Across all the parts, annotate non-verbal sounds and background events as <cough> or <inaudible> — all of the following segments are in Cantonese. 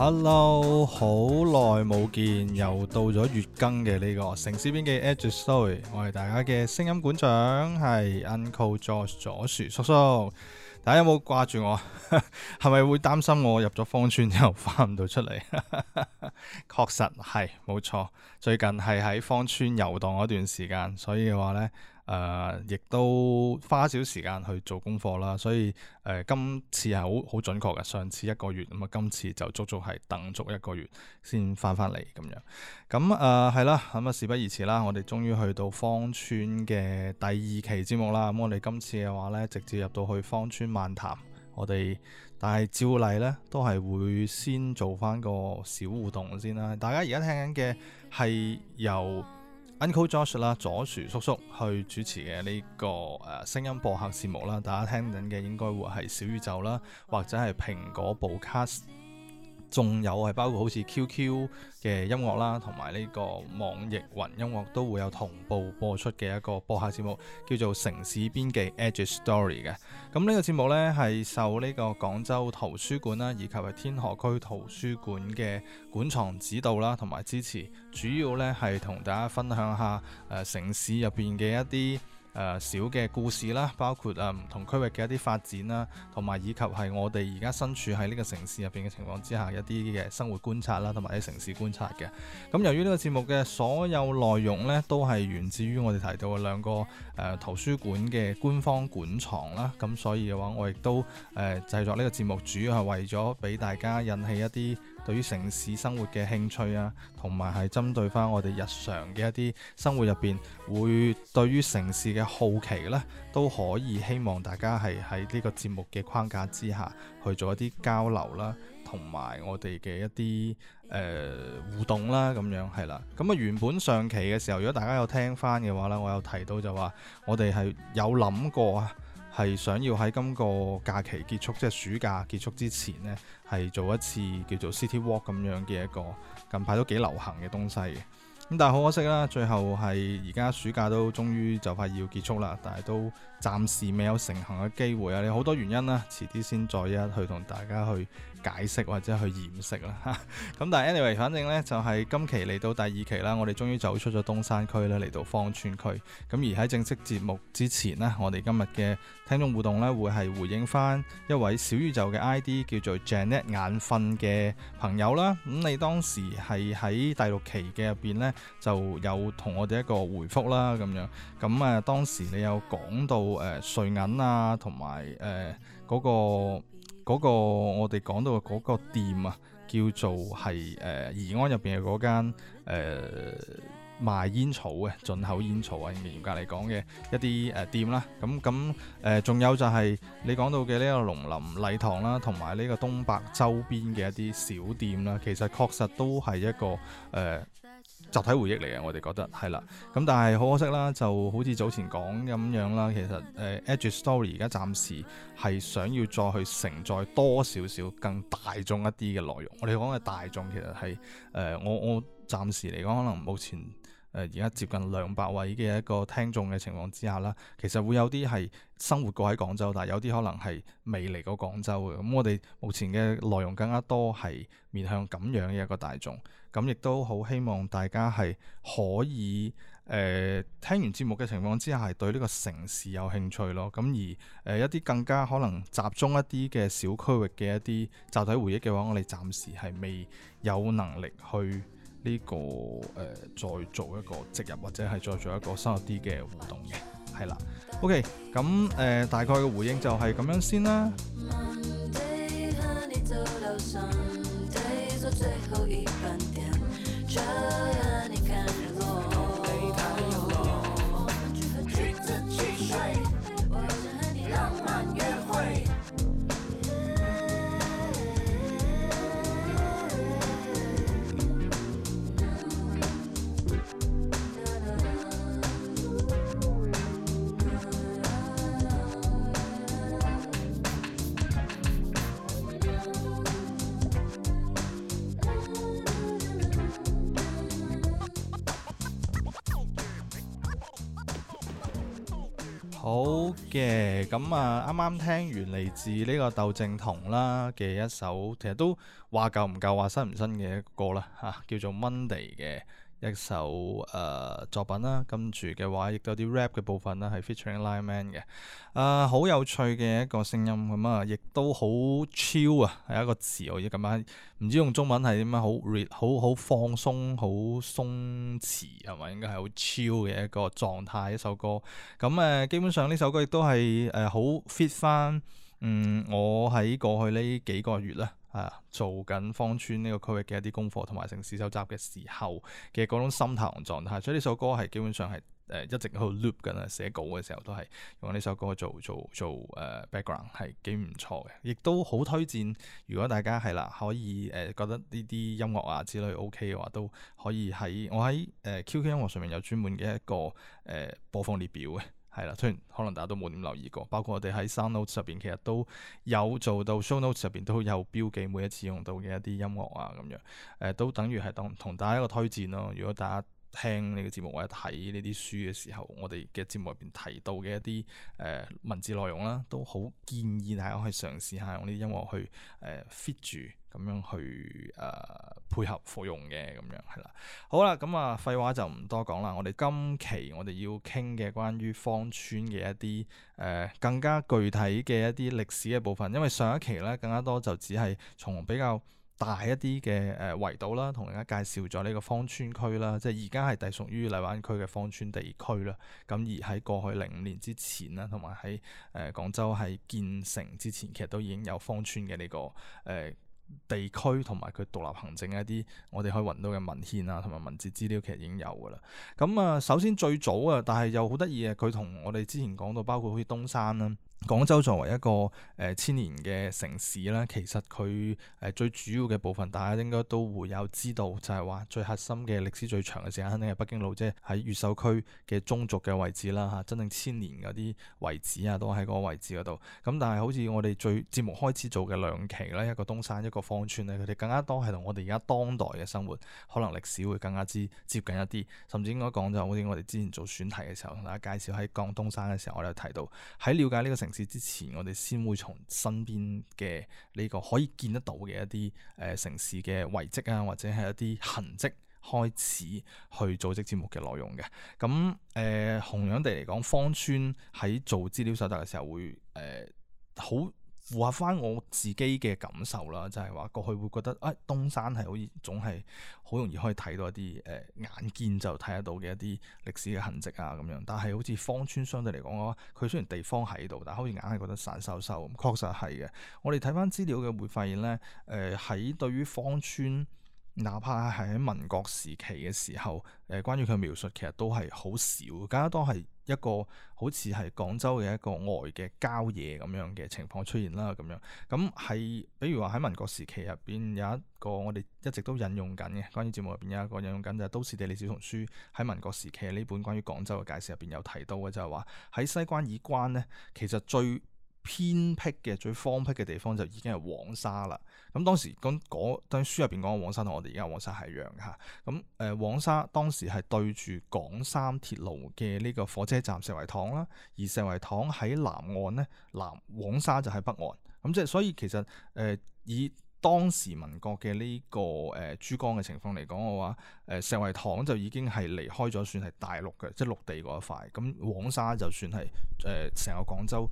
Hello，好耐冇見，又到咗月更嘅呢個城事邊嘅 Edge Story，我係大家嘅聲音館長，係 Uncle Joe 左左樹叔叔，大家有冇掛住我？係 <laughs> 咪會擔心我入咗芳村之後翻唔到出嚟？確 <laughs> 實係冇錯，最近係喺芳村遊蕩嗰段時間，所以嘅話呢。誒、呃，亦都花少時間去做功課啦，所以誒、呃、今次係好好準確嘅。上次一個月，咁，啊今次就足足係等足一個月先翻翻嚟咁樣。咁誒係啦，咁、嗯、啊事不宜遲啦，我哋終於去到芳村嘅第二期節目啦。咁、嗯、我哋今次嘅話呢，直接入到去芳村漫談。我哋但係照例呢，都係會先做翻個小互動先啦。大家而家聽緊嘅係由 Uncle Josh 啦，左樹叔叔去主持嘅呢個誒聲音播客節目啦，大家聽緊嘅應該會係小宇宙啦，或者係蘋果 Podcast。仲有係包括好似 QQ 嘅音樂啦，同埋呢個網易雲音樂都會有同步播出嘅一個播客節目，叫做《城事邊記 Edge Story》嘅。咁呢個節目呢，係受呢個廣州圖書館啦，以及係天河區圖書館嘅館藏指導啦，同埋支持。主要呢，係同大家分享下誒、呃、城市入邊嘅一啲，誒小嘅故事啦，包括誒唔同區域嘅一啲發展啦，同埋以及係我哋而家身處喺呢個城市入邊嘅情況之下一啲嘅生活觀察啦，同埋啲城市觀察嘅。咁由於呢個節目嘅所有內容呢，都係源自於我哋提到嘅兩個誒、呃、圖書館嘅官方館藏啦，咁所以嘅話，我亦都誒、呃、製作呢個節目，主要係為咗俾大家引起一啲。對於城市生活嘅興趣啊，同埋係針對翻我哋日常嘅一啲生活入邊，會對於城市嘅好奇呢，都可以希望大家係喺呢個節目嘅框架之下去做一啲交流啦，同埋我哋嘅一啲誒、呃、互動啦，咁樣係啦。咁啊，原本上期嘅時候，如果大家有聽翻嘅話呢，我有提到就話我哋係有諗過啊。係想要喺今個假期結束，即係暑假結束之前呢，係做一次叫做 City Walk 咁樣嘅一個近排都幾流行嘅東西嘅。咁但係好可惜啦，最後係而家暑假都終於就快要結束啦，但係都暫時未有成行嘅機會啊！有好多原因啦，遲啲先再一去同大家去。解釋或者去掩飾啦嚇，咁 <laughs> 但係 anyway，反正呢就係、是、今期嚟到第二期啦，我哋終於走出咗東山區咧，嚟到芳村區。咁而喺正式節目之前呢，我哋今日嘅聽眾互動呢，會係回應翻一位小宇宙嘅 I D 叫做 Janet 眼瞓嘅朋友啦。咁、嗯、你當時係喺第六期嘅入邊呢，就有同我哋一個回覆啦咁樣。咁、嗯、啊當時你有講到誒穗銀啊同埋誒嗰個。嗰個我哋講到嘅嗰個店啊，叫做係誒宜安入邊嘅嗰間誒、呃、賣煙草嘅進口煙草啊，嚴格嚟講嘅一啲誒、呃、店啦。咁咁誒，仲、呃、有就係你講到嘅呢個農林禮堂啦、啊，同埋呢個東百周邊嘅一啲小店啦、啊，其實確實都係一個誒。呃集體回憶嚟嘅，我哋覺得係啦。咁但係好可惜啦，就好似早前講咁樣啦。其實誒、呃、Edge Story 而家暫時係想要再去承載多少少更大眾一啲嘅內容。我哋講嘅大眾其實係誒、呃、我我暫時嚟講可能目前誒而家接近兩百位嘅一個聽眾嘅情況之下啦，其實會有啲係。生活過喺廣州，但係有啲可能係未嚟過廣州嘅。咁我哋目前嘅內容更加多係面向咁樣嘅一個大眾，咁亦都好希望大家係可以誒、呃、聽完節目嘅情況之下係對呢個城市有興趣咯。咁而誒、呃、一啲更加可能集中一啲嘅小區域嘅一啲集體回憶嘅話，我哋暫時係未有能力去呢個誒、呃、再做一個植入，或者係再做一個深入啲嘅互動嘅。係啦，OK，咁誒，大概嘅回應就係咁樣先啦。好嘅，咁啊，啱啱聽完嚟自呢個竇靖童啦嘅一首，其實都話夠唔夠話新唔新嘅一個歌啦，嚇、啊，叫做 Monday 嘅。一首誒、呃、作品啦，跟住嘅話亦都有啲 rap 嘅部分啦，係 featuring Lime Man 嘅，啊、呃、好有趣嘅一個聲音，咁啊亦都好 chill 啊，係一個詞我要咁樣，唔知用中文係點啊，好 rel 好好放鬆，好鬆弛係咪應該係好 chill 嘅一個狀態，一首歌，咁誒、呃、基本上呢首歌亦都係誒好 fit 翻，嗯我喺過去呢幾個月啦。係、啊、做緊芳村呢個區域嘅一啲功課，同埋城市收集嘅時候嘅嗰種心態同狀態、啊，所以呢首歌係基本上係誒、呃、一直喺度 loop 緊啊。寫稿嘅時候都係用呢首歌做做做誒、呃、background，係幾唔錯嘅，亦都好推薦。如果大家係啦，可以誒、呃、覺得呢啲音樂啊之類 OK 嘅話，都可以喺我喺誒 QQ 音樂上面有專門嘅一個誒、呃、播放列表嘅。係啦，雖然可能大家都冇點留意過，包括我哋喺 sound notes 入邊，其實都有做到 show notes 入邊都有標記每一次用到嘅一啲音樂啊咁樣，誒、呃、都等於係同同大家一個推薦咯。如果大家，聽呢個節目或者睇呢啲書嘅時候，我哋嘅節目入邊提到嘅一啲誒、呃、文字內容啦，都好建議大家去嘗試下用呢啲音樂去誒、呃、fit 住咁樣去誒、呃、配合服用嘅咁樣係啦。好啦，咁啊廢話就唔多講啦。我哋今期我哋要傾嘅關於芳村嘅一啲誒、呃、更加具體嘅一啲歷史嘅部分，因為上一期咧更加多就只係從比較大一啲嘅誒圍島啦，同人家介紹咗呢個芳村區啦，即係而家係隸屬於荔灣區嘅芳村地區啦。咁而喺過去零五年之前啦，同埋喺誒廣州係建成之前，其實都已經有芳村嘅呢、呢個誒、呃、地區同埋佢獨立行政一啲，我哋可以揾到嘅文獻啊同埋文字資料其實已經有噶啦。咁啊，首先最早啊，但係又好得意嘅，佢同我哋之前講到，包括好似東山啦。廣州作為一個誒、呃、千年嘅城市咧，其實佢誒、呃、最主要嘅部分，大家應該都會有知道，就係、是、話最核心嘅歷史最長嘅時間，肯定係北京路，即係喺越秀區嘅中軸嘅位置啦吓、啊，真正千年嗰啲遺址啊，都喺個位置嗰度。咁但係好似我哋最節目開始做嘅兩期咧，一個東山，一個芳村咧，佢哋更加多係同我哋而家當代嘅生活，可能歷史會更加之接近一啲，甚至應該講就好、是、似我哋之前做選題嘅時候，同大家介紹喺講東山嘅時候，我哋有提到喺了解呢個城。之前我哋先會從身邊嘅呢個可以見得到嘅一啲誒、呃、城市嘅遺跡啊，或者係一啲痕跡開始去組織節目嘅內容嘅。咁誒同樣地嚟講，芳村喺做資料搜集嘅時候會誒好，呃符合翻我自己嘅感受啦，就係話過去會覺得，誒東山係好似總係好容易可以睇到一啲誒眼見就睇得到嘅一啲歷史嘅痕跡啊咁樣，但係好似芳村相對嚟講，佢雖然地方喺度，但係好似硬係覺得散修修，確實係嘅。我哋睇翻資料嘅會發現咧，誒喺對於芳村。哪怕係喺民國時期嘅時候，誒關於佢描述其實都係好少，更加多係一個好似係廣州嘅一個外嘅郊野咁樣嘅情況出現啦咁樣。咁係，比如話喺民國時期入邊有一個我哋一直都引用緊嘅，關於節目入邊有一個引用緊就係《都市地理小叢書》，喺民國時期呢本關於廣州嘅介紹入邊有提到嘅就係話喺西關以關呢，其實最偏僻嘅最荒僻嘅地方就已經係黃沙啦。咁當時講嗰等書入邊講嘅黃沙同我哋而家黃沙係一樣嘅嚇。咁誒黃沙當時係對住廣三鐵路嘅呢個火車站石圍塘啦，而石圍塘喺南岸呢，南黃沙就喺北岸。咁即係所以其實誒、呃、以當時民國嘅呢個誒珠江嘅情況嚟講嘅話，誒、呃、石圍塘就已經係離開咗，算係大陸嘅，即係陸地嗰一塊。咁黃沙就算係誒成個廣州。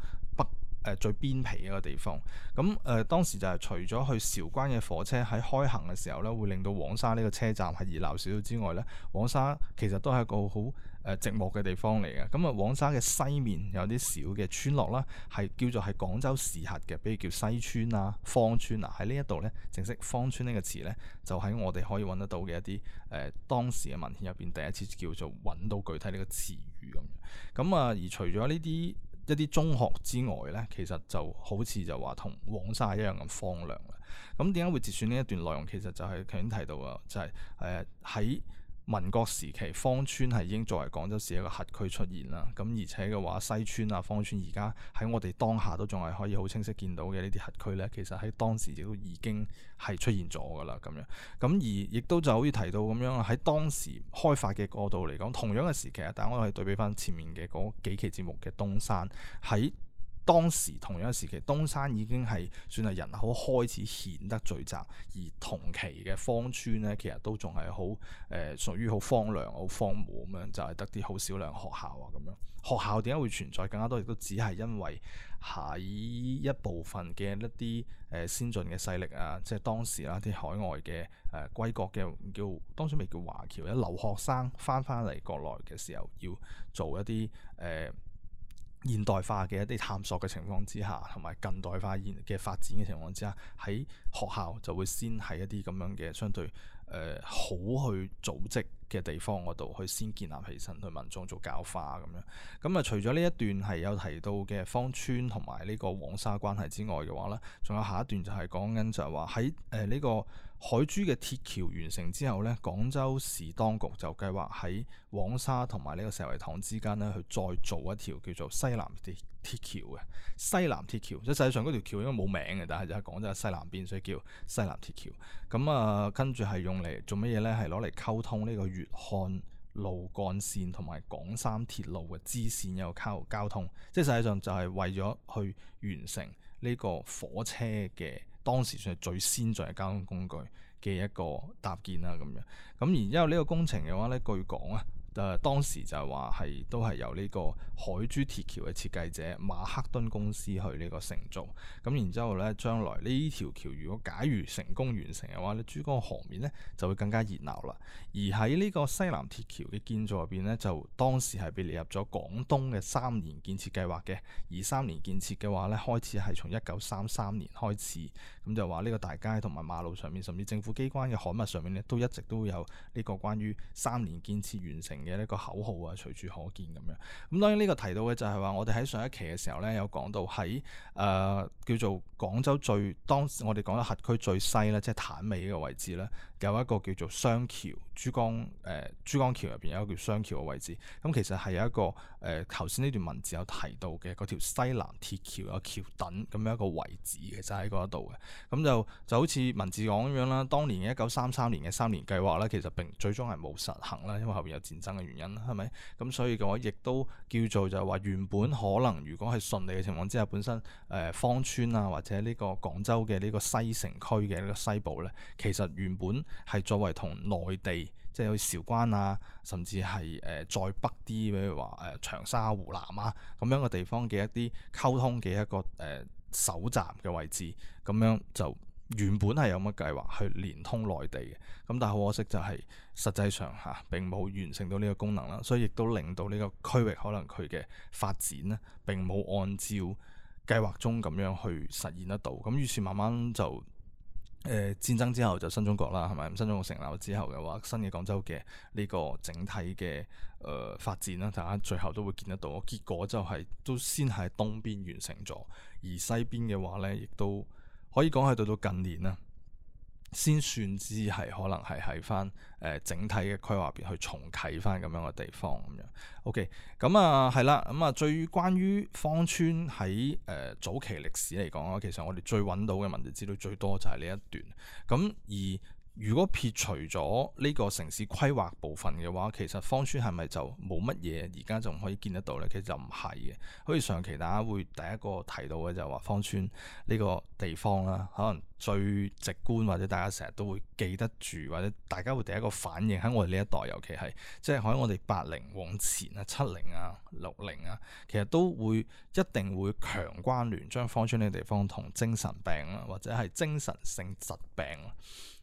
誒最邊皮一個地方，咁、嗯、誒、呃、當時就係除咗去韶關嘅火車喺開行嘅時候咧，會令到黃沙呢個車站係熱鬧少少之外咧，黃沙其實都係一個好誒、呃、寂寞嘅地方嚟嘅。咁、嗯、啊，黃沙嘅西面有啲小嘅村落啦，係叫做係廣州市轄嘅，比如叫西村啊、芳村啊。喺呢一度咧，正式芳村個呢個詞咧，就喺我哋可以揾得到嘅一啲誒、呃、當時嘅文獻入邊第一次叫做揾到具體呢個詞語咁樣。咁、嗯、啊、呃，而除咗呢啲，一啲中學之外咧，其實就好似就話同黃沙一樣咁荒涼。咁點解會節選呢一段內容？其實就係頭先提到啊，就係誒喺。呃民國時期，芳村係已經作為廣州市一個轄區出現啦。咁而且嘅話，西村啊、芳村而家喺我哋當下都仲係可以好清晰見到嘅呢啲轄區呢，其實喺當時亦都已經係出現咗㗎啦。咁樣咁而亦都就好似提到咁樣啊，喺當時開發嘅過度嚟講，同樣嘅時期啊，但係我哋對比翻前面嘅嗰幾期節目嘅東山喺。當時同樣時期，東山已經係算係人口開始顯得聚集，而同期嘅芳村咧，其實都仲係好誒，屬於好荒涼、好荒蕪咁樣，就係、是、得啲好少量學校啊咁樣。學校點解會存在更加多？亦都只係因為喺一部分嘅一啲誒先進嘅勢力啊，即係當時啦，啲海外嘅誒、呃、歸國嘅叫，當初未叫華僑嘅留學生翻翻嚟國內嘅時候，要做一啲誒，呃現代化嘅一啲探索嘅情況之下，同埋近代化嘅發展嘅情況之下，喺學校就會先喺一啲咁樣嘅相對誒、呃、好去組織嘅地方嗰度，去先建立起身去民眾做教化咁樣。咁、嗯、啊，除咗呢一段係有提到嘅芳村同埋呢個黃沙關係之外嘅話咧，仲有下一段就係講緊就係話喺誒呢個。海珠嘅鐵橋完成之後咧，廣州市當局就計劃喺黃沙同埋呢個石圍塘之間咧，去再造一條叫做西南鐵鐵橋嘅西南鐵橋。即係實際上嗰條橋應該冇名嘅，但係就喺廣州西南邊，所以叫西南鐵橋。咁、嗯、啊，跟住係用嚟做乜嘢咧？係攞嚟溝通呢個粵漢路幹線同埋廣三鐵路嘅支線有個溝交通。即係實際上就係為咗去完成呢個火車嘅。當時算係最先進嘅交通工具嘅一個搭建啦，咁樣咁然後呢個工程嘅話咧，據講啊。誒、呃、當時就係話係都係由呢個海珠鐵橋嘅設計者馬克敦公司去呢個承造，咁然之後呢，將來呢條橋如果假如成功完成嘅話，呢珠江河面呢就會更加熱鬧啦。而喺呢個西南鐵橋嘅建造入邊呢，就當時係被列入咗廣東嘅三年建設計劃嘅。而三年建設嘅話呢，開始係從一九三三年開始，咁就話呢個大街同埋馬路上面，甚至政府機關嘅刊物上面呢，都一直都有呢個關於三年建設完成嘅一個口號啊，隨處可見咁樣。咁當然呢個提到嘅就係話，我哋喺上一期嘅時候咧，有講到喺誒、呃、叫做廣州最當時我哋講咗轄區最西咧，即係坦尾呢個位置咧，有一個叫做雙橋珠江誒、呃、珠江橋入邊有一個叫雙橋嘅位置。咁、嗯、其實係有一個誒頭先呢段文字有提到嘅嗰條西南鐵橋嘅橋墩咁樣一個位置，其實喺嗰度嘅。咁、嗯、就就好似文字講咁樣啦，當年嘅一九三三年嘅三年計劃咧，其實並最終係冇實行啦，因為後邊有戰爭嘅原因啦，係咪咁？所以嘅話亦都叫做就係話，原本可能如果係順利嘅情況之下，本身誒芳、呃、村啊，或者呢個廣州嘅呢個西城區嘅呢個西部呢，其實原本係作為同內地即係去韶關啊，甚至係誒、呃、再北啲，比如話誒、呃、長沙、湖南啊咁樣嘅地方嘅一啲溝通嘅一個誒首、呃、站嘅位置，咁樣就。原本係有乜計劃去連通內地嘅，咁但係好可惜就係實際上吓、啊，並冇完成到呢個功能啦，所以亦都令到呢個區域可能佢嘅發展呢，並冇按照計劃中咁樣去實現得到，咁於是慢慢就誒、呃、戰爭之後就新中國啦，係咪？新中國成立之後嘅話，新嘅廣州嘅呢個整體嘅誒、呃、發展啦，大家最後都會見得到，結果就係、是、都先喺東邊完成咗，而西邊嘅話呢，亦都。可以講係到到近年啦，先算至係可能係喺翻誒整體嘅規劃入邊去重啟翻咁樣嘅地方咁樣。OK，咁啊係啦，咁、嗯、啊最關於芳村喺誒、呃、早期歷史嚟講啊，其實我哋最揾到嘅文字資料最多就係呢一段。咁、嗯、而如果撇除咗呢個城市規劃部分嘅話，其實芳村係咪就冇乜嘢？而家仲可以見得到呢？其實就唔係嘅。好似上期大家會第一個提到嘅就係話芳村呢個地方啦，可能最直觀或者大家成日都會記得住，或者大家會第一個反應喺我哋呢一代，尤其係即係喺我哋八零往前啊、七零啊、六零啊，其實都會一定會強關聯，將芳村呢個地方同精神病啦，或者係精神性疾病。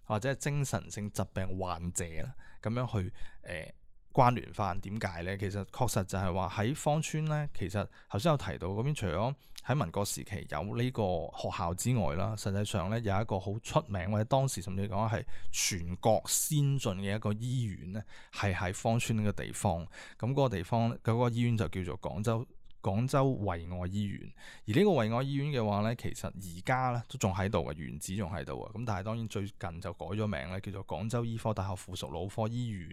或者精神性疾病患者啦，咁樣去誒、呃、關聯翻點解呢？其實確實就係話喺芳村呢，其實頭先有提到嗰邊，除咗喺民國時期有呢個學校之外啦，實際上呢，有一個好出名或者當時甚至講係全國先進嘅一個醫院呢係喺芳村呢個地方。咁嗰個地方嗰個醫院就叫做廣州。廣州惠愛醫院，而呢個惠愛醫院嘅話呢，其實而家咧都仲喺度嘅，原址仲喺度啊。咁但係當然最近就改咗名咧，叫做廣州醫科大學附屬腦科醫院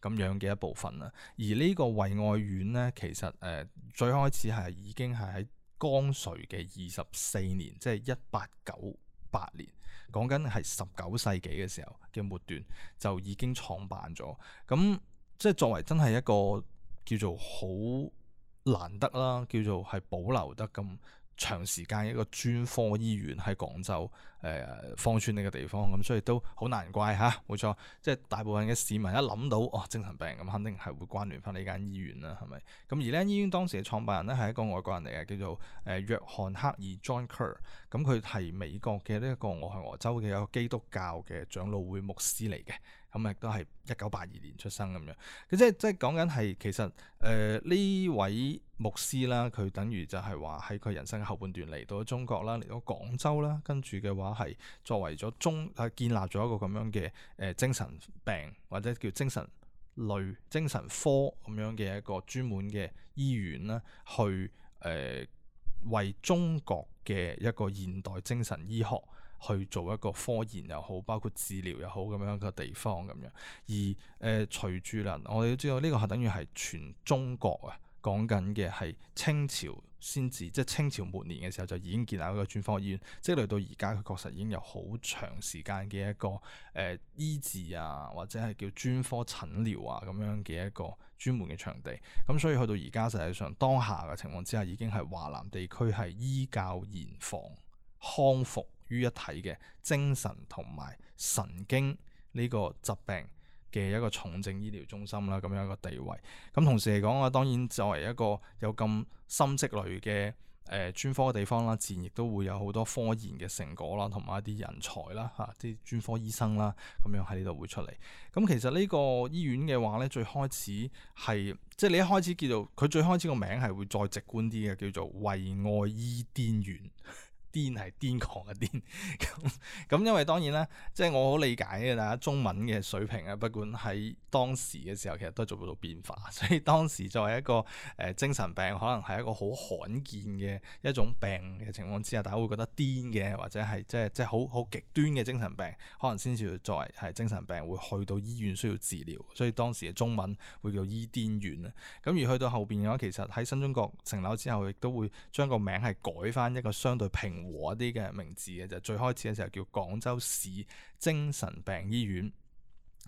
咁樣嘅一部分啦。而呢個惠愛院呢，其實誒、呃、最開始係已經係喺光緒嘅二十四年，即係一八九八年，講緊係十九世紀嘅時候嘅末段，就已經創辦咗。咁即係作為真係一個叫做好。難得啦，叫做係保留得咁長時間一個專科醫院喺廣州，誒呃、芳村呢個地方，咁所以都好難怪嚇，冇錯，即係大部分嘅市民一諗到哦精神病咁，肯定係會關聯翻呢間醫院啦，係咪？咁而呢間醫院當時嘅創辦人咧，係一個外國人嚟嘅，叫做誒、呃、約翰克爾 John Kerr，咁佢係美國嘅呢一個俄亥俄州嘅一個基督教嘅長老會牧師嚟嘅。咁亦都係一九八二年出生咁樣，佢即係即係講緊係其實誒呢、呃、位牧師啦，佢等於就係話喺佢人生嘅後半段嚟到中國啦，嚟到廣州啦，跟住嘅話係作為咗中啊建立咗一個咁樣嘅誒、呃、精神病或者叫精神類精神科咁樣嘅一個專門嘅醫院啦，去誒、呃、為中國嘅一個現代精神醫學。去做一個科研又好，包括治療又好咁樣嘅地方咁樣。而誒、呃、隨住啦，我哋都知道呢個係等於係全中國啊，講緊嘅係清朝先至，即係清朝末年嘅時候就已經建立一個專科醫院，即嚟到而家佢確實已經有好長時間嘅一個誒、呃、醫治啊，或者係叫專科診療啊咁樣嘅一個專門嘅場地。咁所以去到而家實際上當下嘅情況之下，已經係華南地區係醫教研防康復，於一體嘅精神同埋神經呢個疾病嘅一個重症醫療中心啦，咁樣一個地位。咁同時嚟講啊，當然作為一個有咁深積累嘅誒專科嘅地方啦，自然亦都會有好多科研嘅成果啦，同埋一啲人才啦，嚇啲專科醫生啦，咁樣喺呢度會出嚟。咁、嗯、其實呢個醫院嘅話呢，最開始係即係你一開始叫做佢最開始個名係會再直觀啲嘅，叫做惠愛醫癲院。癲係癲狂嘅癲，咁咁因為當然啦，即係我好理解嘅，大家中文嘅水平啊，不管喺當時嘅時候，其實都做唔到變化，所以當時作為一個誒、呃、精神病，可能係一個好罕見嘅一種病嘅情況之下，大家會覺得癲嘅，或者係即係即係好好極端嘅精神病，可能先至作為係精神病會去到醫院需要治療，所以當時嘅中文會叫醫癲院啊。咁而去到後邊嘅話，其實喺新中國成立之後，亦都會將個名係改返一個相對平和啲嘅名字嘅就是，最開始嘅時候叫廣州市精神病醫院，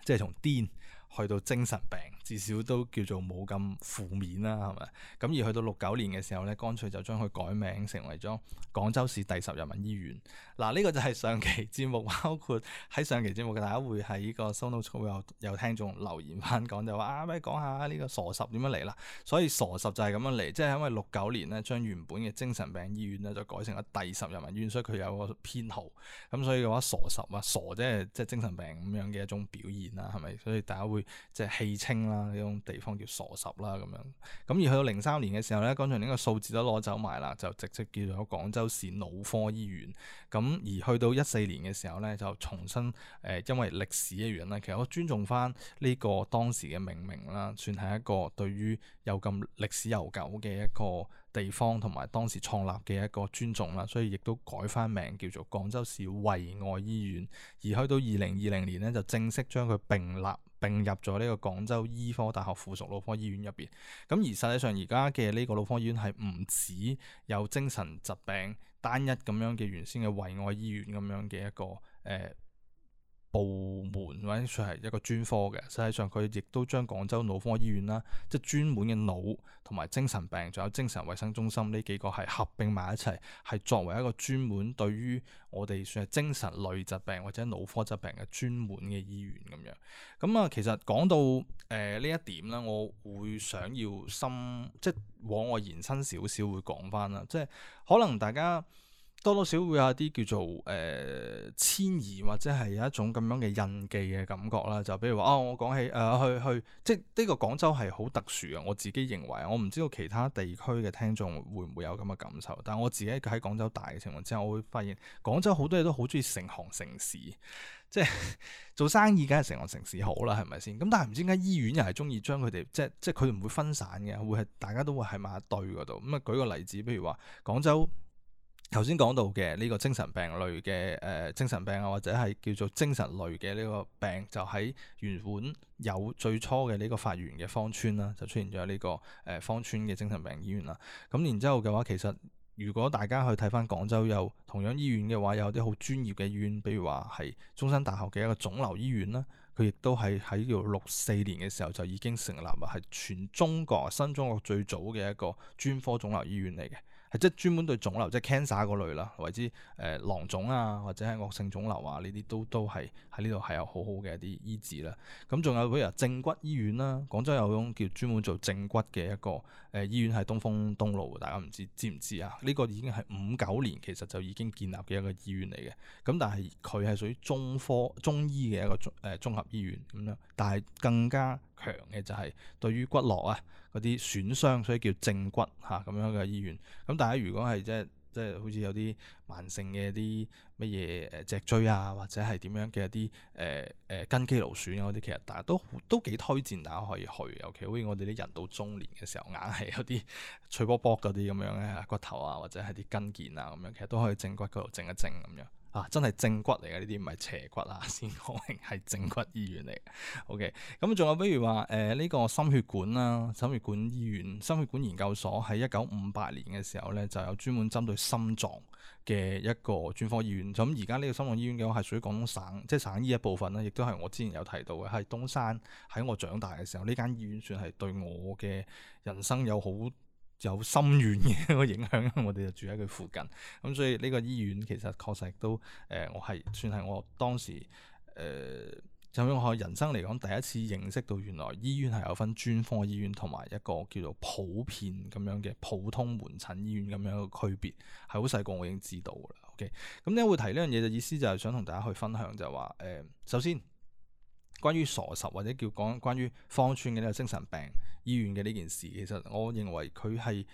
即係從癲去到精神病。至少都叫做冇咁負面啦，係咪？咁而去到六九年嘅時候咧，乾脆就將佢改名成為咗廣州市第十人民醫院。嗱，呢、啊這個就係上期節目，包括喺上期節目嘅大家會喺個收音機會有有聽眾留言翻講就話啊，不如講下呢、這個傻十點樣嚟啦？所以傻十就係咁樣嚟，即係因為六九年咧將原本嘅精神病醫院咧就改成咗第十人民醫院，所以佢有個編號，咁所以嘅話傻十啊，傻即係即係精神病咁樣嘅一種表現啦，係咪？所以大家會即係戲稱啦。呢種地方叫傻十啦，咁樣，咁而去到零三年嘅時候呢，嗰陣呢個數字都攞走埋啦，就直接叫做廣州市腦科醫院。咁而去到一四年嘅時候呢，就重新誒、呃，因為歷史嘅原因咧，其實我尊重翻呢個當時嘅命名啦，算係一個對於有咁歷史悠久嘅一個地方同埋當時創立嘅一個尊重啦，所以亦都改翻名叫做廣州市惠愛醫院。而去到二零二零年呢，就正式將佢並立。並入咗呢個廣州醫科大學附屬腦科醫院入邊，咁而實際上而家嘅呢個腦科醫院係唔止有精神疾病單一咁樣嘅原先嘅惠愛醫院咁樣嘅一個誒，呃部門或者算係一個專科嘅，實際上佢亦都將廣州腦科醫院啦，即係專門嘅腦同埋精神病，仲有精神衞生中心呢幾個係合併埋一齊，係作為一個專門對於我哋算係精神類疾病或者腦科疾病嘅專門嘅醫院咁樣。咁啊，其實講到誒呢一點呢，我會想要深即往我延伸少少會講翻啦，即係可能大家。多多少少會有一啲叫做誒、呃、遷移或者係有一種咁樣嘅印記嘅感覺啦，就比如話啊、哦，我講起誒、呃、去去，即係呢個廣州係好特殊嘅。我自己認為，我唔知道其他地區嘅聽眾會唔會有咁嘅感受。但係我自己喺廣州大嘅情況之下，我會發現廣州好多嘢都好中意成行成市，即係做生意梗係成行成市好啦，係咪先？咁但係唔知點解醫院又係中意將佢哋即係即係佢哋唔會分散嘅，會係大家都會喺埋一堆嗰度。咁啊，舉個例子，譬如話廣州。頭先講到嘅呢個精神病類嘅誒、呃、精神病啊，或者係叫做精神類嘅呢個病，就喺原本有最初嘅呢個發源嘅芳村啦，就出現咗呢個誒呃、芳村嘅精神病醫院啦。咁然之後嘅話，其實如果大家去睇翻廣州有同樣醫院嘅話，有啲好專業嘅醫院，比如話係中山大學嘅一個腫瘤醫院啦，佢亦都係喺六四年嘅時候就已經成立，係全中國新中國最早嘅一個專科腫瘤醫院嚟嘅。即係專門對腫瘤，即係 cancer 嗰類啦，或者誒囊腫啊，或者係惡性腫瘤啊，呢啲都都係喺呢度係有好好嘅一啲醫治啦。咁仲有譬如正骨醫院啦，廣州有種叫專門做正骨嘅一個誒醫院，喺東風東路，大家唔知知唔知啊？呢個已經係五九年其實就已經建立嘅一個醫院嚟嘅。咁但係佢係屬於中科中醫嘅一個誒綜合醫院咁樣，但係更加。強嘅就係對於骨骼啊嗰啲損傷，所以叫正骨吓，咁樣嘅醫院。咁大家如果係即係即係好似有啲慢性嘅啲乜嘢誒脊椎啊，或者係點樣嘅一啲誒誒筋肌勞損啊嗰啲，其實大家都都幾推薦大家可以去。尤其好似我哋啲人到中年嘅時候，硬係有啲脆卜卜嗰啲咁樣咧，骨頭啊或者係啲筋腱啊咁樣，其實都可以正骨嗰度正一正咁樣。啊，真係正骨嚟嘅呢啲，唔係斜骨啊，先講明係正骨醫院嚟嘅。OK，咁仲有比如話，誒，呢個心血管啦，心血管醫院、心血管研究所喺一九五八年嘅時候呢，就有專門針對心臟嘅一個專科醫院。咁而家呢個心臟醫院嘅話係屬於廣東省，即係省醫一部分啦，亦都係我之前有提到嘅，係東山。喺我長大嘅時候，呢間醫院算係對我嘅人生有好有深遠嘅一個影響，我哋就住喺佢附近，咁所以呢個醫院其實確實亦都，誒、呃、我係算係我當時，誒、呃、就用我人生嚟講第一次認識到原來醫院係有分專科醫院同埋一個叫做普遍咁樣嘅普通門診醫院咁樣嘅個區別，係好細個我已經知道噶啦。OK，咁點解會提呢樣嘢嘅意思就係想同大家去分享就係話，誒、呃、首先。關於傻十或者叫講關於芳村嘅呢個精神病醫院嘅呢件事，其實我認為佢係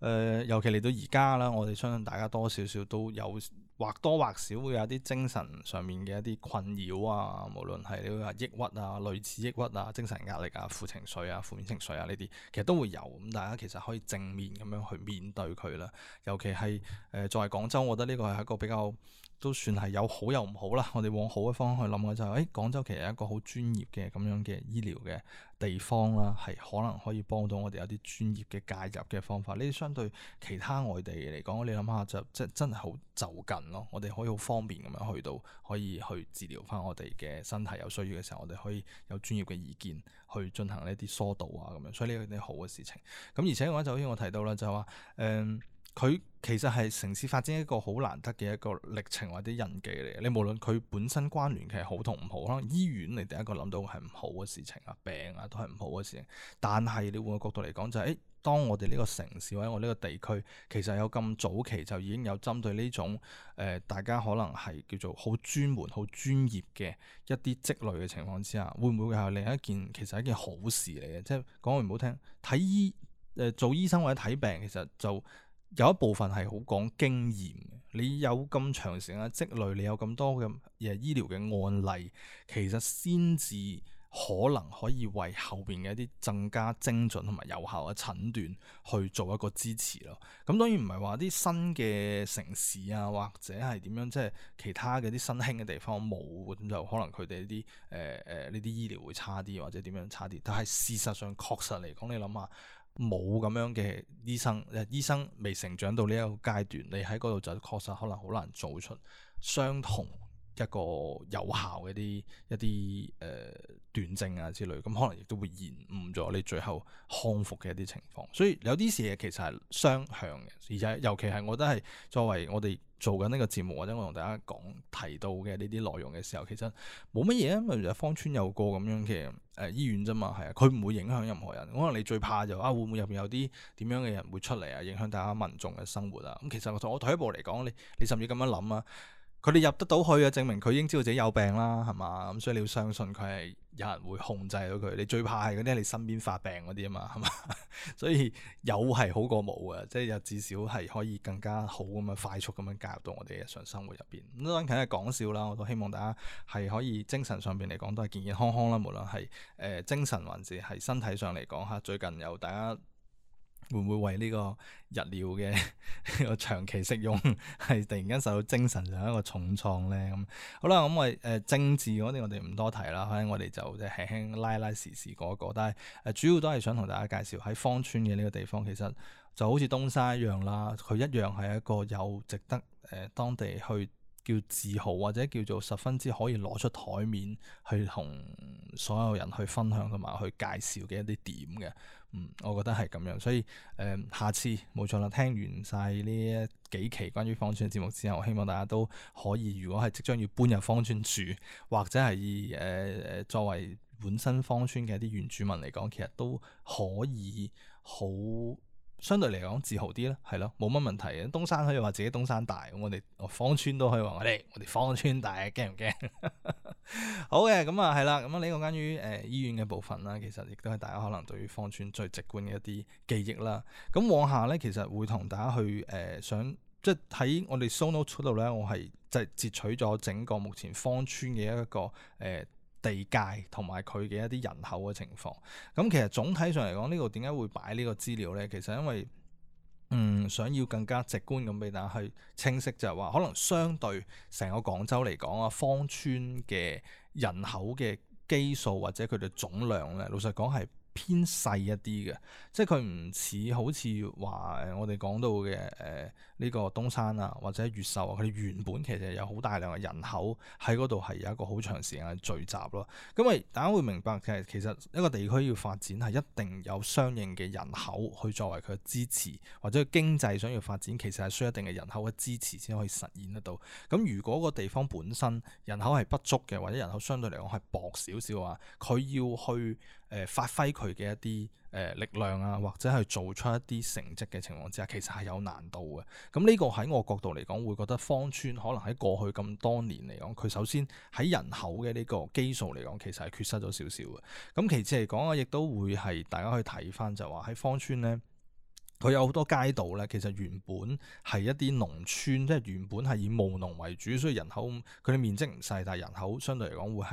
誒，尤其嚟到而家啦，我哋相信大家多少少都有。或多或少會有啲精神上面嘅一啲困擾啊，無論係抑鬱啊、類似抑鬱啊、精神壓力啊、負情緒啊、負面情緒啊呢啲，其實都會有。咁大家其實可以正面咁樣去面對佢啦。尤其係誒、呃、作為廣州，我覺得呢個係一個比較都算係有好有唔好啦。我哋往好嘅方向去諗嘅就係、是，誒、欸、廣州其實係一個好專業嘅咁樣嘅醫療嘅地方啦，係可能可以幫到我哋有啲專業嘅介入嘅方法。呢啲相對其他外地嚟講，你諗下就即真係好就近。我哋可以好方便咁樣去到，可以去治療翻我哋嘅身體。有需要嘅時候，我哋可以有專業嘅意見去進行呢啲疏導啊，咁樣，所以呢樣啲好嘅事情。咁而且嘅話，就好似我提到啦，就係話，誒、嗯，佢其實係城市發展一個好難得嘅一個歷程或者印記嚟嘅。你無論佢本身關聯其實好同唔好，可能醫院你第一個諗到係唔好嘅事情啊，病啊，都係唔好嘅事情。但係你換個角度嚟講、就係，就、欸、係當我哋呢個城市或者我呢個地區，其實有咁早期就已經有針對呢種誒、呃，大家可能係叫做好專門、好專業嘅一啲積累嘅情況之下，會唔會係另一件其實係一件好事嚟嘅？即係講句唔好聽，睇醫誒、呃、做醫生或者睇病，其實就有一部分係好講經驗嘅。你有咁長時間嘅積累，你有咁多嘅誒醫療嘅案例，其實先至。可能可以為後邊嘅一啲更加精準同埋有效嘅診斷去做一個支持咯。咁當然唔係話啲新嘅城市啊，或者係點樣，即係其他嘅啲新興嘅地方冇，咁就可能佢哋呢啲誒誒呢啲醫療會差啲，或者點樣差啲。但係事實上確實嚟講，你諗下冇咁樣嘅醫生，醫生未成長到呢一個階段，你喺嗰度就確實可能好難做出相同。一個有效嘅一啲一啲誒、呃、斷症啊之類，咁可能亦都會延誤咗你最後康復嘅一啲情況。所以有啲事其實係雙向嘅，而且尤其係我覺得係作為我哋做緊呢個節目或者我同大家講提到嘅呢啲內容嘅時候，其實冇乜嘢啊，咪就係芳村有個咁樣嘅誒醫院啫嘛，係啊，佢唔會影響任何人。可能你最怕就是、啊，會唔會入邊有啲點樣嘅人會出嚟啊，影響大家民眾嘅生活啊？咁、嗯、其實我退一步嚟講，你你甚至咁樣諗啊。佢哋入得到去嘅，證明佢已經知道自己有病啦，係嘛？咁所以你要相信佢係有人會控制到佢。你最怕係嗰啲你身邊發病嗰啲啊嘛，係嘛？ <laughs> 所以有係好過冇嘅，即係又至少係可以更加好咁樣，快速咁樣介入到我哋日常生活入邊。咁當梗係講笑啦，我都希望大家係可以精神上邊嚟講都係健健康康啦，無論係誒精神還是係身體上嚟講嚇。最近有大家。會唔會為呢個日料嘅個 <laughs> 長期食用係 <laughs> 突然間受到精神上一個重創咧？咁好啦，咁、嗯、我誒政治嗰啲我哋唔多提啦，反正我哋就即係輕輕拉拉時時過、那、過、個，但係誒主要都係想同大家介紹喺芳村嘅呢個地方，其實就好似東山一樣啦，佢一樣係一個有值得誒、呃、當地去。叫自豪或者叫做十分之可以攞出台面去同所有人去分享同埋去介紹嘅一啲點嘅，嗯，我覺得係咁樣。所以誒、嗯，下次冇錯啦，聽完晒呢幾期關於芳村嘅節目之後，我希望大家都可以，如果係即將要搬入芳村住，或者係誒誒作為本身芳村嘅一啲原住民嚟講，其實都可以好。相對嚟講自豪啲啦，係咯，冇乜問題嘅。東山可以話自己東山大，我哋芳村都可以話我哋我哋芳村大，驚唔驚？ <laughs> 好嘅，咁啊係啦，咁呢個關於誒、呃、醫院嘅部分啦，其實亦都係大家可能對於芳村最直觀嘅一啲記憶啦。咁往下咧，其實會同大家去誒、呃、想，即係喺我哋 sono t o o 咧，我係即係截取咗整個目前芳村嘅一個誒。呃地界同埋佢嘅一啲人口嘅情況，咁其實總體上嚟講，這個、呢度點解會擺呢個資料咧？其實因為嗯，想要更加直觀咁俾大家去清晰就，就係話可能相對成個廣州嚟講啊，芳村嘅人口嘅基數或者佢哋總量咧，老實講，係偏細一啲嘅，即係佢唔似好似話我哋講到嘅誒。呃呢個東山啊，或者越秀啊，佢哋原本其實有好大量嘅人口喺嗰度，係有一個好長時間嘅聚集咯。咁、嗯、咪大家會明白，其實其實一個地區要發展係一定有相應嘅人口去作為佢嘅支持，或者經濟想要發展，其實係需要一定嘅人口嘅支持先可以實現得到。咁、嗯、如果個地方本身人口係不足嘅，或者人口相對嚟講係薄少少嘅話，佢要去誒、呃、發揮佢嘅一啲。誒、呃、力量啊，或者係做出一啲成績嘅情況之下，其實係有難度嘅。咁呢個喺我角度嚟講，會覺得芳村可能喺過去咁多年嚟講，佢首先喺人口嘅呢個基數嚟講，其實係缺失咗少少嘅。咁其次嚟講啊，亦都會係大家去睇翻就話喺芳村呢。佢有好多街道咧，其實原本係一啲農村，即係原本係以務農為主，所以人口佢哋面積唔細，但係人口相對嚟講會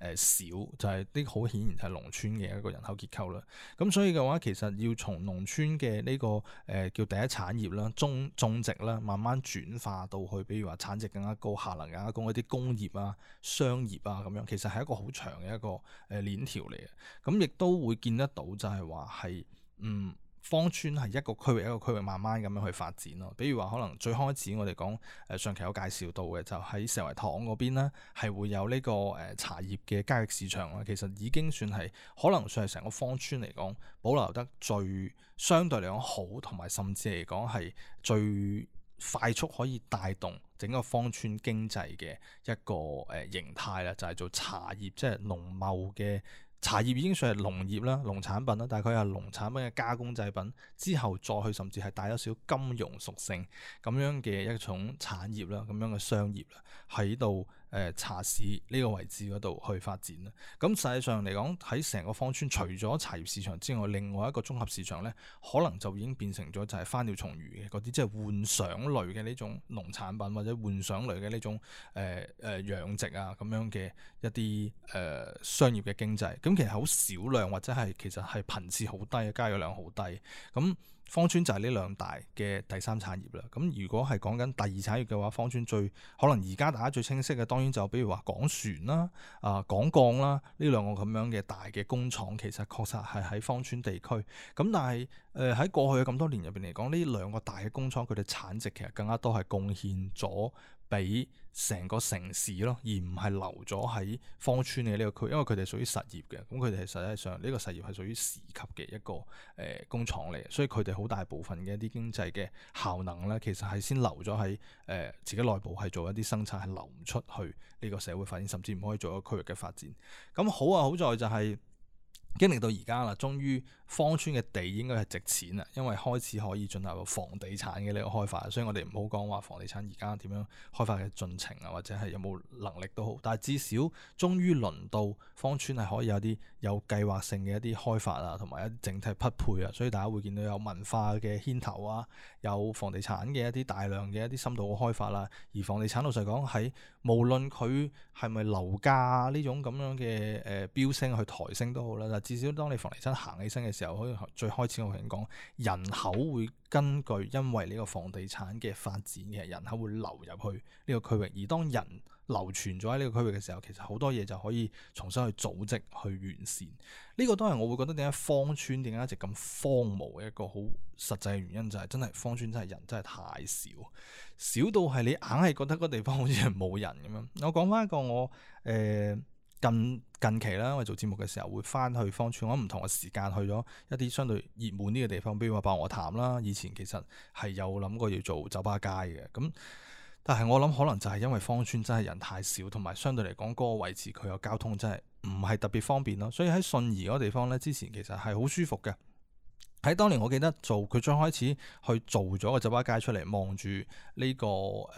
係誒少，就係啲好顯然係農村嘅一個人口結構啦。咁所以嘅話，其實要從農村嘅呢、這個誒、呃、叫第一產業啦、種種植啦，慢慢轉化到去，比如話產值更加高、效能更加高嗰啲工業啊、商業啊咁樣，其實係一個好長嘅一個誒鏈條嚟嘅。咁亦都會見得到就是是，就係話係嗯。芳村係一個區域一個區域慢慢咁樣去發展咯。比如話，可能最開始我哋講誒上期有介紹到嘅，就喺石圍塘嗰邊咧，係會有呢、這個誒、呃、茶葉嘅交易市場啊。其實已經算係可能算係成個芳村嚟講保留得最相對嚟講好，同埋甚至嚟講係最快速可以帶動整個芳村經濟嘅一個誒、呃、形態啦，就係、是、做茶葉即係農貿嘅。茶葉已經算係農業啦，農產品啦，但係佢係農產品嘅加工製品，之後再去甚至係帶有少少金融屬性咁樣嘅一種產業啦，咁樣嘅商業啦喺度。誒茶市呢個位置嗰度去發展啦，咁實際上嚟講喺成個芳村，除咗茶葉市場之外，另外一個綜合市場呢，可能就已經變成咗就係花鳥蟲魚嘅嗰啲，即係飼養類嘅呢種農產品，或者飼養類嘅呢種誒誒、呃呃、養殖啊咁樣嘅一啲誒、呃、商業嘅經濟，咁其實好少量或者係其實係頻次好低，交易量好低，咁。芳村就係呢兩大嘅第三產業啦。咁如果係講緊第二產業嘅話，芳村最可能而家大家最清晰嘅，當然就比如話港船啦、啊、呃、港鋼啦呢兩個咁樣嘅大嘅工廠，其實確實係喺芳村地區。咁但係誒喺過去咁多年入邊嚟講，呢兩個大嘅工廠佢哋產值其實更加多係貢獻咗俾成個城市咯，而唔係留咗喺芳村嘅呢個區，因為佢哋屬於實業嘅，咁佢哋係實際上呢、呢個實業係屬於市級嘅一個誒、呃、工廠嚟，所以佢哋好大部分嘅一啲經濟嘅效能咧，其實係先留咗喺誒自己內部係做一啲生產，係流唔出去呢個社會發展，甚至唔可以做一個區域嘅發展。咁好啊，好在就係、是。經歷到而家啦，終於芳村嘅地應該係值錢啦，因為開始可以進行房地產嘅呢個開發，所以我哋唔好講話房地產而家點樣開發嘅進程啊，或者係有冇能力都好，但係至少終於輪到芳村係可以有啲有計劃性嘅一啲開發啊，同埋一啲整體匹配啊，所以大家會見到有文化嘅牽頭啊，有房地產嘅一啲大量嘅一啲深度嘅開發啦，而房地產老實講喺無論佢係咪樓價呢種咁樣嘅誒飆升去抬升都好啦。至少當你房地產行起身嘅時候，可能最開始我同你講人口會根據因為呢個房地產嘅發展嘅人口會流入去呢個區域，而當人流傳咗喺呢個區域嘅時候，其實好多嘢就可以重新去組織去完善。呢、這個都係我會覺得點解芳村點解一直咁荒蕪嘅一個好實際嘅原因，就係、是、真係芳村真係人真係太少，少到係你硬係覺得個地方好似係冇人咁樣。我講翻一個我誒。欸近近期啦，我做節目嘅時候會返去芳村，我唔同嘅時間去咗一啲相對熱門呢個地方，比如話白鵝潭啦。以前其實係有諗過要做酒吧街嘅，咁但係我諗可能就係因為芳村真係人太少，同埋相對嚟講嗰個位置佢個交通真係唔係特別方便咯。所以喺信義嗰地方呢，之前其實係好舒服嘅。喺當年我記得做佢最開始去做咗個酒吧街出嚟，望住呢個誒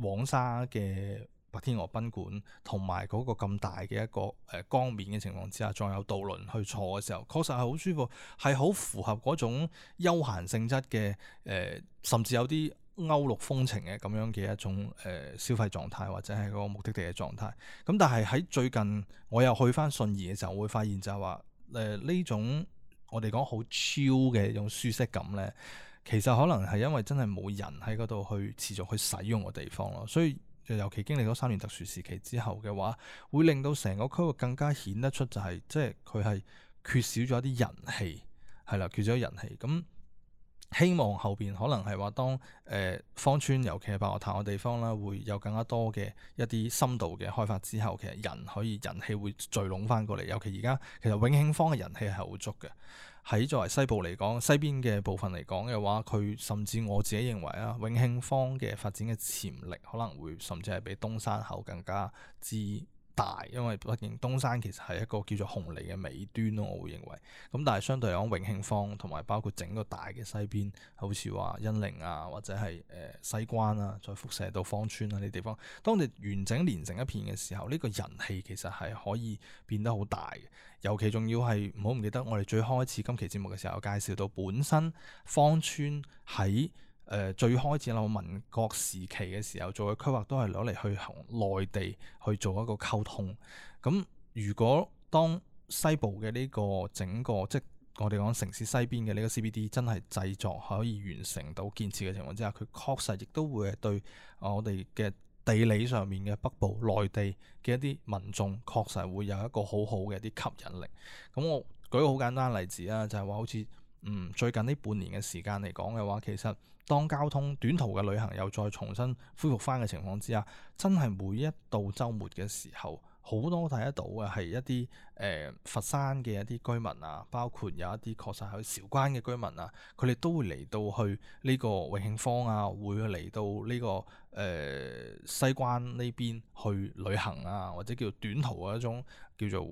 黃、呃、沙嘅。白天鵝賓館同埋嗰個咁大嘅一個誒江面嘅情況之下，仲有渡輪去坐嘅時候，確實係好舒服，係好符合嗰種休閒性質嘅誒，甚至有啲歐陸風情嘅咁樣嘅一種誒消費狀態或者係嗰個目的地嘅狀態。咁但係喺最近我又去翻信宜嘅時候，會發現就係話，誒、呃、呢種我哋講好超嘅一種舒適感呢，其實可能係因為真係冇人喺嗰度去持續去使用嘅地方咯，所以。尤其經歷咗三年特殊時期之後嘅話，會令到成個區域更加顯得出就係、是，即係佢係缺少咗一啲人氣，係啦，缺少一啲人氣。咁、嗯、希望後邊可能係話，當誒芳村，尤其係白鵝潭嘅地方啦，會有更加多嘅一啲深度嘅開發之後，其實人可以人氣會聚攏翻過嚟。尤其而家其實永慶坊嘅人氣係好足嘅。喺作為西部嚟講，西邊嘅部分嚟講嘅話，佢甚至我自己認為啊，永慶坊嘅發展嘅潛力可能會甚至係比東山口更加之大，因為畢竟東山其實係一個叫做紅利嘅尾端咯，我會認為。咁但係相對嚟講，永慶坊同埋包括整個大嘅西邊，好似話恩寧啊，或者係誒、呃、西關啊，再輻射到芳村啊呢啲地方，當你完整連成一片嘅時候，呢、呢個人氣其實係可以變得好大嘅。尤其仲要係唔好唔記得，我哋最開始今期節目嘅時候介紹到，本身芳村喺誒、呃、最開始我民國時期嘅時候做嘅規劃都係攞嚟去同內地去做一個溝通。咁如果當西部嘅呢個整個即我哋講城市西邊嘅呢個 CBD 真係製作可以完成到建設嘅情況之下，佢確實亦都會係對我哋嘅地理上面嘅北部內地嘅一啲民眾確實會有一個好好嘅一啲吸引力。咁我舉個好簡單例子啊，就係、是、話好似嗯最近呢半年嘅時間嚟講嘅話，其實，當交通短途嘅旅行又再重新恢復翻嘅情況之下，真係每一到周末嘅時候，好多睇得到嘅係一啲誒、呃、佛山嘅一啲居民啊，包括有一啲確實喺韶關嘅居民啊，佢哋都會嚟到去呢個永慶坊啊，會嚟到呢、這個誒、呃、西關呢邊去旅行啊，或者叫短途嘅一種。叫做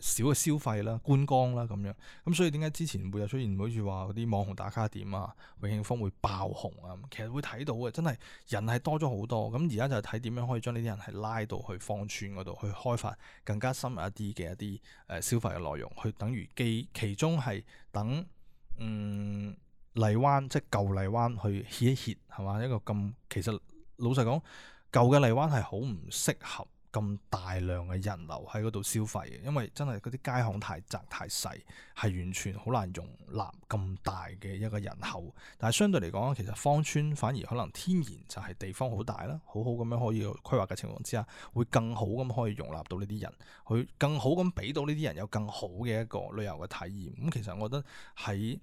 誒少嘅消費啦、觀光啦咁樣，咁、啊、所以點解之前會有出現好似話嗰啲網紅打卡點啊、永慶坊會爆紅啊，其實會睇到嘅，真係人係多咗好多。咁而家就睇點樣可以將呢啲人係拉到去芳村嗰度去開發更加深入一啲嘅一啲誒、呃、消費嘅內容，去等於基其中係等嗯荔灣即係舊荔灣去歇一歇，e 係嘛一個咁其實老實講舊嘅荔灣係好唔適合。咁大量嘅人流喺嗰度消費嘅，因為真係嗰啲街巷太窄太細，係完全好難容納咁大嘅一個人口。但係相對嚟講，其實芳村反而可能天然就係地方好大啦，好好咁樣可以規劃嘅情況之下，會更好咁可以容納到呢啲人，佢更好咁俾到呢啲人有更好嘅一個旅遊嘅體驗。咁其實我覺得喺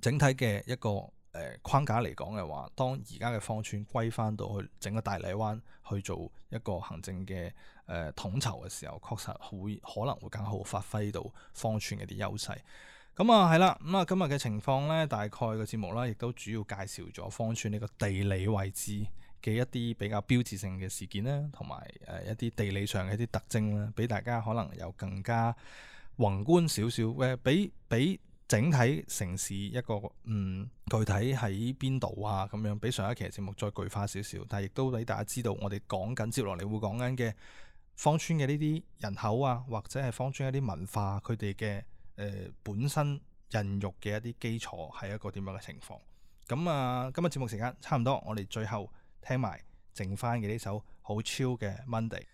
整體嘅一個。誒、呃、框架嚟講嘅話，當而家嘅芳村歸翻到去整個大荔灣去做一個行政嘅誒、呃、統籌嘅時候，確實會可能會更好發揮到芳村嘅啲優勢。咁啊係啦，咁、嗯、啊、嗯、今日嘅情況呢，大概嘅節目啦，亦都主要介紹咗芳村呢個地理位置嘅一啲比較標誌性嘅事件啦，同埋誒一啲地理上嘅一啲特徵啦，俾大家可能有更加宏觀少少誒，俾、呃、俾。整體城市一個嗯具體喺邊度啊？咁樣比上一期嘅節目再具化少少，但係亦都俾大家知道我哋講緊接落嚟會講緊嘅芳村嘅呢啲人口啊，或者係芳村一啲文化佢哋嘅誒本身孕育嘅一啲基礎係一個點樣嘅情況。咁、嗯、啊，今日節目時間差唔多，我哋最後聽埋剩返嘅呢首好 chill 嘅 Monday。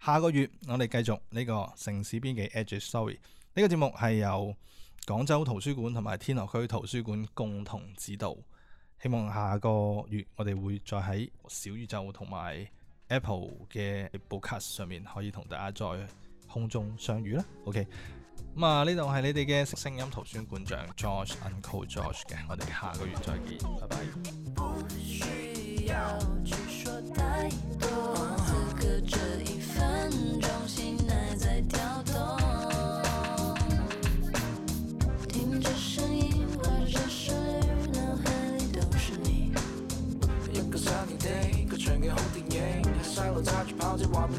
下個月我哋繼續呢個城市邊嘅 Edge Story。呢個節目係由，廣州圖書館同埋天河區圖書館共同指導，希望下個月我哋會再喺小宇宙同埋 Apple 嘅 o 播客上面可以同大家在空中相遇啦。OK，咁啊呢度係你哋嘅聲音圖書館長 George Uncle George 嘅，我哋下個月再見，拜拜。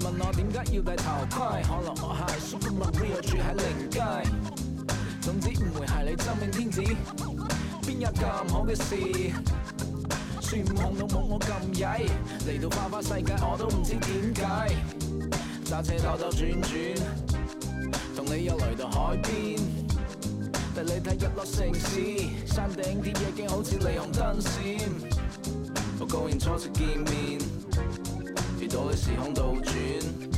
問我點解要戴頭盔？可能我係 Super Mario，住喺靈街，總之唔會係你真命天子。邊有咁好嘅事？孫悟空都冇我咁曳，嚟到花花世界我都唔知點解。揸車兜兜轉轉，同你又嚟到海邊，帶你睇日落城市，山頂啲夜景好似霓虹燈閃。我高興初次見面。在時空倒轉。